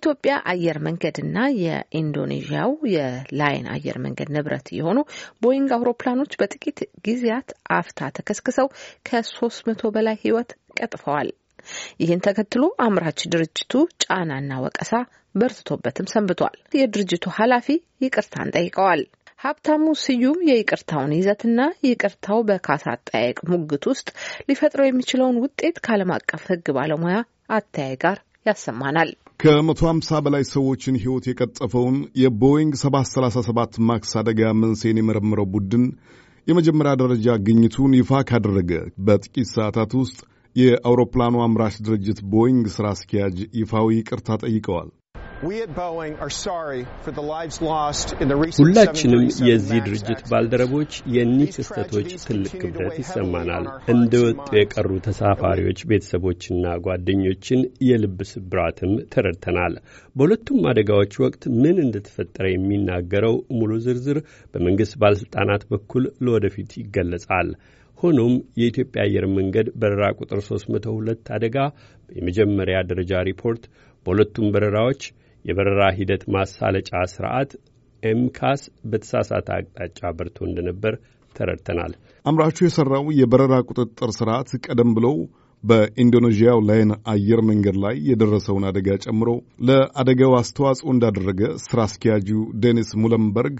የኢትዮጵያ አየር መንገድና የኢንዶኔዥያው የላይን አየር መንገድ ንብረት የሆኑ ቦይንግ አውሮፕላኖች በጥቂት ጊዜያት አፍታ ተከስክሰው ከሶስት መቶ በላይ ሕይወት ቀጥፈዋል። ይህን ተከትሎ አምራች ድርጅቱ ጫናና ወቀሳ በርትቶበትም ሰንብቷል። የድርጅቱ ኃላፊ ይቅርታን ጠይቀዋል። ሀብታሙ ስዩም የይቅርታውን ይዘትና ይቅርታው በካሳ አጠያየቅ ሙግት ውስጥ ሊፈጥረው የሚችለውን ውጤት ከዓለም አቀፍ ሕግ ባለሙያ አተያይ ጋር ያሰማናል። ከመቶ ሃምሳ በላይ ሰዎችን ሕይወት የቀጠፈውን የቦይንግ 737 ማክስ አደጋ መንስኤን የመረመረው ቡድን የመጀመሪያ ደረጃ ግኝቱን ይፋ ካደረገ በጥቂት ሰዓታት ውስጥ የአውሮፕላኑ አምራች ድርጅት ቦይንግ ሥራ አስኪያጅ ይፋዊ ይቅርታ ጠይቀዋል። ሁላችንም የዚህ ድርጅት ባልደረቦች የእኒህ ክስተቶች ትልቅ ክብደት ይሰማናል። እንደ ወጡ የቀሩ ተሳፋሪዎች ቤተሰቦችና ጓደኞችን የልብ ስብራትም ተረድተናል። በሁለቱም አደጋዎች ወቅት ምን እንደተፈጠረ የሚናገረው ሙሉ ዝርዝር በመንግሥት ባለሥልጣናት በኩል ለወደፊት ይገለጻል። ሆኖም የኢትዮጵያ አየር መንገድ በረራ ቁጥር 302 አደጋ የመጀመሪያ ደረጃ ሪፖርት በሁለቱም በረራዎች የበረራ ሂደት ማሳለጫ ስርዓት ኤምካስ በተሳሳተ አቅጣጫ በርቶ እንደነበር ተረድተናል። አምራቹ የሠራው የበረራ ቁጥጥር ስርዓት ቀደም ብለው በኢንዶኔዥያው ላይን አየር መንገድ ላይ የደረሰውን አደጋ ጨምሮ ለአደጋው አስተዋጽኦ እንዳደረገ ስራ አስኪያጁ ዴኒስ ሙለንበርግ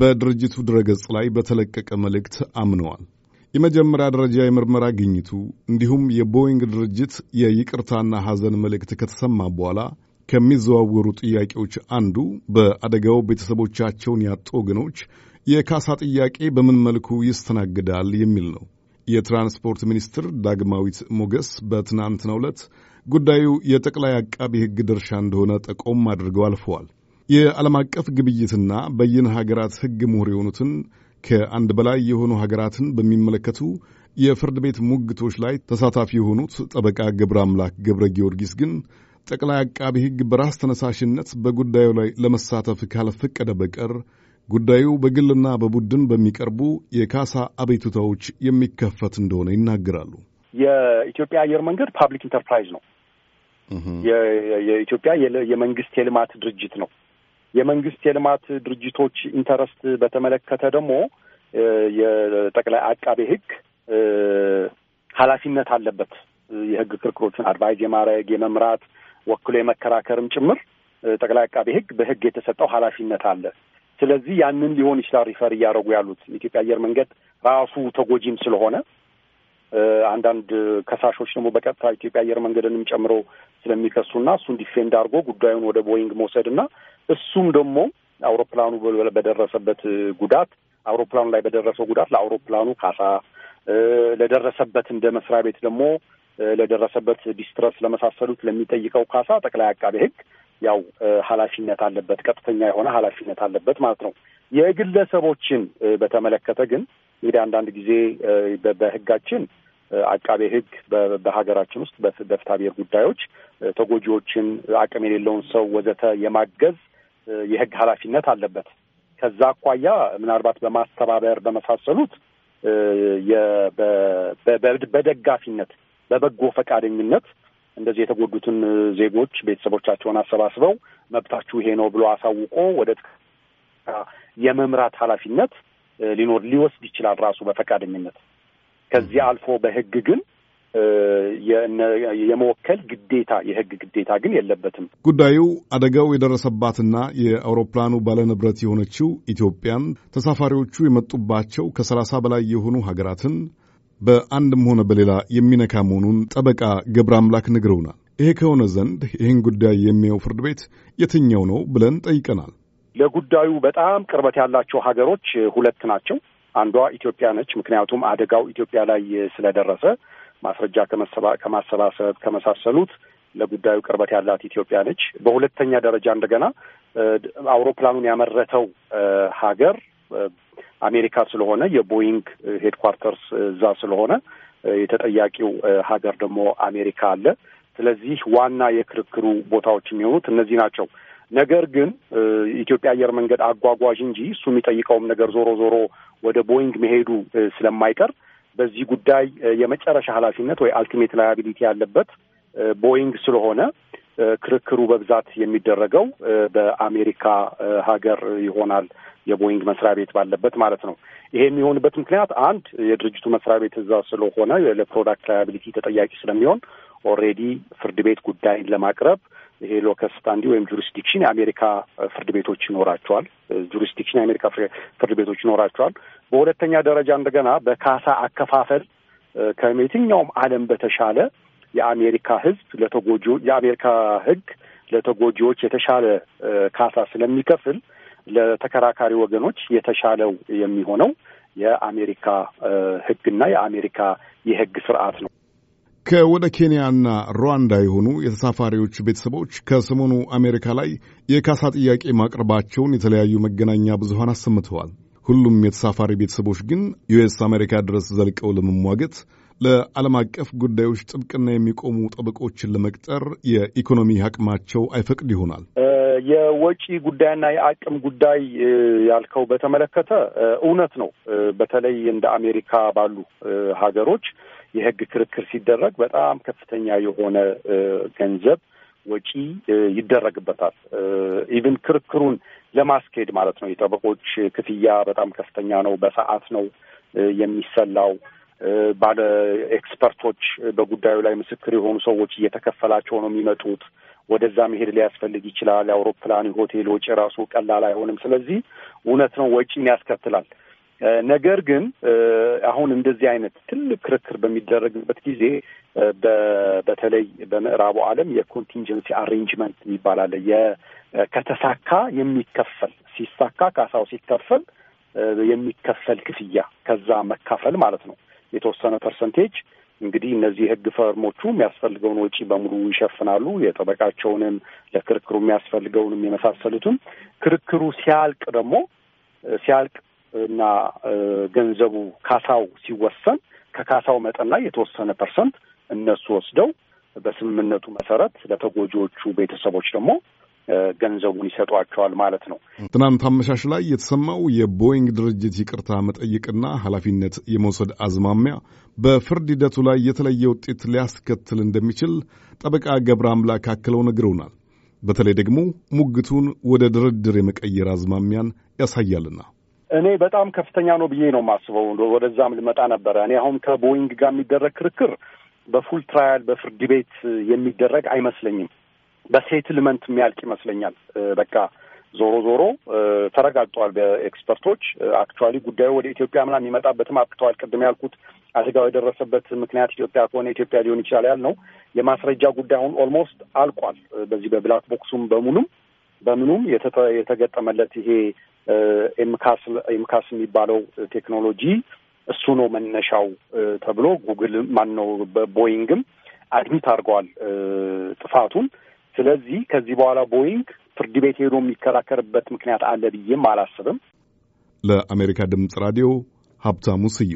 በድርጅቱ ድረገጽ ላይ በተለቀቀ መልእክት አምነዋል። የመጀመሪያ ደረጃ የምርመራ ግኝቱ እንዲሁም የቦይንግ ድርጅት የይቅርታና ሐዘን መልእክት ከተሰማ በኋላ ከሚዘዋወሩ ጥያቄዎች አንዱ በአደጋው ቤተሰቦቻቸውን ያጡ ወገኖች የካሳ ጥያቄ በምን መልኩ ይስተናግዳል የሚል ነው። የትራንስፖርት ሚኒስትር ዳግማዊት ሞገስ በትናንትናው ዕለት ጉዳዩ የጠቅላይ አቃቢ ሕግ ድርሻ እንደሆነ ጠቆም አድርገው አልፈዋል። የዓለም አቀፍ ግብይትና በይነ ሀገራት ሕግ ምሁር የሆኑትን ከአንድ በላይ የሆኑ ሀገራትን በሚመለከቱ የፍርድ ቤት ሙግቶች ላይ ተሳታፊ የሆኑት ጠበቃ ገብረ አምላክ ገብረ ጊዮርጊስ ግን ጠቅላይ አቃቢ ሕግ በራስ ተነሳሽነት በጉዳዩ ላይ ለመሳተፍ ካልፈቀደ በቀር ጉዳዩ በግልና በቡድን በሚቀርቡ የካሳ አቤቱታዎች የሚከፈት እንደሆነ ይናገራሉ። የኢትዮጵያ አየር መንገድ ፓብሊክ ኢንተርፕራይዝ ነው። የኢትዮጵያ የመንግስት የልማት ድርጅት ነው። የመንግስት የልማት ድርጅቶች ኢንተረስት በተመለከተ ደግሞ የጠቅላይ አቃቤ ህግ ኃላፊነት አለበት። የህግ ክርክሮችን አድቫይዝ የማድረግ የመምራት ወክሎ የመከራከርም ጭምር ጠቅላይ አቃቤ ህግ በህግ የተሰጠው ኃላፊነት አለ። ስለዚህ ያንን ሊሆን ይችላል ሪፈር እያደረጉ ያሉት የኢትዮጵያ አየር መንገድ ራሱ ተጎጂም ስለሆነ አንዳንድ ከሳሾች ደግሞ በቀጥታ ኢትዮጵያ አየር መንገድንም ጨምሮ ስለሚከሱና እሱን ዲፌንድ አድርጎ ጉዳዩን ወደ ቦይንግ መውሰድና እሱም ደግሞ አውሮፕላኑ በደረሰበት ጉዳት አውሮፕላኑ ላይ በደረሰው ጉዳት ለአውሮፕላኑ ካሳ ለደረሰበት እንደ መስሪያ ቤት ደግሞ ለደረሰበት ዲስትረስ ለመሳሰሉት ለሚጠይቀው ካሳ ጠቅላይ አቃቤ ሕግ ያው ኃላፊነት አለበት፣ ቀጥተኛ የሆነ ኃላፊነት አለበት ማለት ነው። የግለሰቦችን በተመለከተ ግን እንግዲህ አንዳንድ ጊዜ በሕጋችን አቃቤ ሕግ በሀገራችን ውስጥ በፍታ ብሔር ጉዳዮች ተጎጂዎችን፣ አቅም የሌለውን ሰው ወዘተ የማገዝ የሕግ ኃላፊነት አለበት። ከዛ አኳያ ምናልባት በማስተባበር በመሳሰሉት በደጋፊነት በበጎ ፈቃደኝነት እንደዚህ የተጎዱትን ዜጎች ቤተሰቦቻቸውን አሰባስበው መብታችሁ ይሄ ነው ብሎ አሳውቆ ወደ የመምራት ኃላፊነት ሊኖር ሊወስድ ይችላል ራሱ በፈቃደኝነት። ከዚህ አልፎ በህግ ግን የመወከል ግዴታ የህግ ግዴታ ግን የለበትም። ጉዳዩ አደጋው የደረሰባትና የአውሮፕላኑ ባለንብረት የሆነችው ኢትዮጵያን ተሳፋሪዎቹ የመጡባቸው ከሰላሳ በላይ የሆኑ ሀገራትን በአንድም ሆነ በሌላ የሚነካ መሆኑን ጠበቃ ገብረ አምላክ ነግረውናል። ይሄ ከሆነ ዘንድ ይህን ጉዳይ የሚያየው ፍርድ ቤት የትኛው ነው ብለን ጠይቀናል። ለጉዳዩ በጣም ቅርበት ያላቸው ሀገሮች ሁለት ናቸው። አንዷ ኢትዮጵያ ነች። ምክንያቱም አደጋው ኢትዮጵያ ላይ ስለደረሰ ማስረጃ ከማሰባሰብ ከመሳሰሉት ለጉዳዩ ቅርበት ያላት ኢትዮጵያ ነች። በሁለተኛ ደረጃ እንደገና አውሮፕላኑን ያመረተው ሀገር አሜሪካ ስለሆነ የቦይንግ ሄድኳርተርስ እዛ ስለሆነ የተጠያቂው ሀገር ደግሞ አሜሪካ አለ። ስለዚህ ዋና የክርክሩ ቦታዎች የሚሆኑት እነዚህ ናቸው። ነገር ግን ኢትዮጵያ አየር መንገድ አጓጓዥ እንጂ እሱ የሚጠይቀውም ነገር ዞሮ ዞሮ ወደ ቦይንግ መሄዱ ስለማይቀር በዚህ ጉዳይ የመጨረሻ ኃላፊነት ወይ አልቲሜት ላያቢሊቲ ያለበት ቦይንግ ስለሆነ ክርክሩ በብዛት የሚደረገው በአሜሪካ ሀገር ይሆናል። የቦይንግ መስሪያ ቤት ባለበት ማለት ነው። ይሄ የሚሆንበት ምክንያት አንድ የድርጅቱ መስሪያ ቤት እዛ ስለሆነ ለፕሮዳክት ላያቢሊቲ ተጠያቂ ስለሚሆን ኦልሬዲ ፍርድ ቤት ጉዳይን ለማቅረብ ይሄ ሎከስ ስታንዲ ወይም ጁሪስዲክሽን የአሜሪካ ፍርድ ቤቶች ይኖራቸዋል። ጁሪስዲክሽን የአሜሪካ ፍርድ ቤቶች ይኖራቸዋል። በሁለተኛ ደረጃ እንደገና በካሳ አከፋፈል ከየትኛውም ዓለም በተሻለ የአሜሪካ ህዝብ ለተጎጆ የአሜሪካ ህግ ለተጎጂዎች የተሻለ ካሳ ስለሚከፍል ለተከራካሪ ወገኖች የተሻለው የሚሆነው የአሜሪካ ህግና የአሜሪካ የህግ ስርዓት ነው። ከወደ ኬንያና ሩዋንዳ የሆኑ የተሳፋሪዎች ቤተሰቦች ከሰሞኑ አሜሪካ ላይ የካሳ ጥያቄ ማቅረባቸውን የተለያዩ መገናኛ ብዙሀን አሰምተዋል። ሁሉም የተሳፋሪ ቤተሰቦች ግን ዩኤስ አሜሪካ ድረስ ዘልቀው ለመሟገት ለዓለም አቀፍ ጉዳዮች ጥብቅና የሚቆሙ ጠበቆችን ለመቅጠር የኢኮኖሚ አቅማቸው አይፈቅድ ይሆናል። የወጪ ጉዳይና የአቅም ጉዳይ ያልከው በተመለከተ እውነት ነው። በተለይ እንደ አሜሪካ ባሉ ሀገሮች የህግ ክርክር ሲደረግ በጣም ከፍተኛ የሆነ ገንዘብ ወጪ ይደረግበታል። ኢቭን ክርክሩን ለማስኬድ ማለት ነው። የጠበቆች ክፍያ በጣም ከፍተኛ ነው። በሰዓት ነው የሚሰላው። ባለ ኤክስፐርቶች በጉዳዩ ላይ ምስክር የሆኑ ሰዎች እየተከፈላቸው ነው የሚመጡት። ወደዛ መሄድ ሊያስፈልግ ይችላል። የአውሮፕላን ሆቴል ወጪ ራሱ ቀላል አይሆንም። ስለዚህ እውነት ነው ወጪን ያስከትላል። ነገር ግን አሁን እንደዚህ አይነት ትልቅ ክርክር በሚደረግበት ጊዜ በተለይ በምዕራቡ ዓለም የኮንቲንጀንሲ አሬንጅመንት የሚባል አለ። ከተሳካ የሚከፈል ሲሳካ ካሳው ሲከፈል የሚከፈል ክፍያ ከዛ መካፈል ማለት ነው። የተወሰነ ፐርሰንቴጅ እንግዲህ እነዚህ ህግ ፈርሞቹ የሚያስፈልገውን ወጪ በሙሉ ይሸፍናሉ። የጠበቃቸውንም ለክርክሩ የሚያስፈልገውንም የመሳሰሉትም። ክርክሩ ሲያልቅ ደግሞ ሲያልቅ እና ገንዘቡ ካሳው ሲወሰን ከካሳው መጠን ላይ የተወሰነ ፐርሰንት እነሱ ወስደው በስምምነቱ መሰረት ለተጎጂዎቹ ቤተሰቦች ደግሞ ገንዘቡን ይሰጧቸዋል ማለት ነው። ትናንት አመሻሽ ላይ የተሰማው የቦይንግ ድርጅት ይቅርታ መጠየቅና ኃላፊነት የመውሰድ አዝማሚያ በፍርድ ሂደቱ ላይ የተለየ ውጤት ሊያስከትል እንደሚችል ጠበቃ ገብረ አምላክ አክለው ነግረውናል። በተለይ ደግሞ ሙግቱን ወደ ድርድር የመቀየር አዝማሚያን ያሳያልና እኔ በጣም ከፍተኛ ነው ብዬ ነው የማስበው። ወደዛም ልመጣ ነበረ። እኔ አሁን ከቦይንግ ጋር የሚደረግ ክርክር በፉል ትራያል በፍርድ ቤት የሚደረግ አይመስለኝም። በሴትልመንት የሚያልቅ ይመስለኛል። በቃ ዞሮ ዞሮ ተረጋግጧል በኤክስፐርቶች አክቹዋሊ ጉዳዩ ወደ ኢትዮጵያ ምናምን የሚመጣበትም አብቅተዋል። ቅድም ያልኩት አደጋው የደረሰበት ምክንያት ኢትዮጵያ ከሆነ ኢትዮጵያ ሊሆን ይችላል ያልነው የማስረጃ ጉዳይ አሁን ኦልሞስት አልቋል። በዚህ በብላክ ቦክሱም በሙሉም በምኑም የተገጠመለት ይሄ ኤምካስ ኤምካስ የሚባለው ቴክኖሎጂ እሱ ነው መነሻው ተብሎ ጉግል ማን ነው ቦይንግም አድሚት አድርገዋል ጥፋቱን። ስለዚህ ከዚህ በኋላ ቦይንግ ፍርድ ቤት ሄዶ የሚከራከርበት ምክንያት አለ ብዬም አላስብም። ለአሜሪካ ድምፅ ራዲዮ ሀብታሙ ስዩ